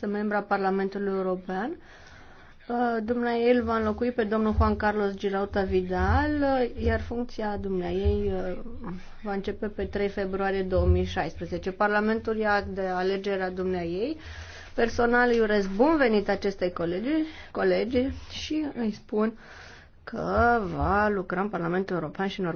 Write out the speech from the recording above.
sunt membra Parlamentului European. Uh, dumnea el va înlocui pe domnul Juan Carlos Girauta Vidal, uh, iar funcția dumnea ei uh, va începe pe 3 februarie 2016. Parlamentul ia de alegerea dumnea ei. Personal îi urez bun venit acestei colegi, colegi și îi spun că va lucra în Parlamentul European și în